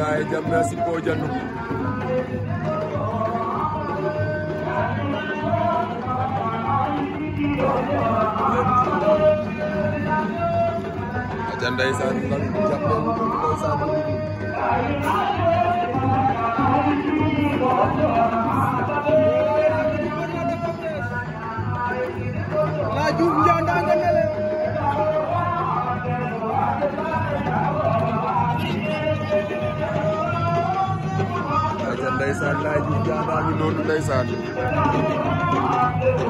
gaay jam na si ko jandu sa ni jam laju jangan ndeysaan laay ji jaanaa ngi noonu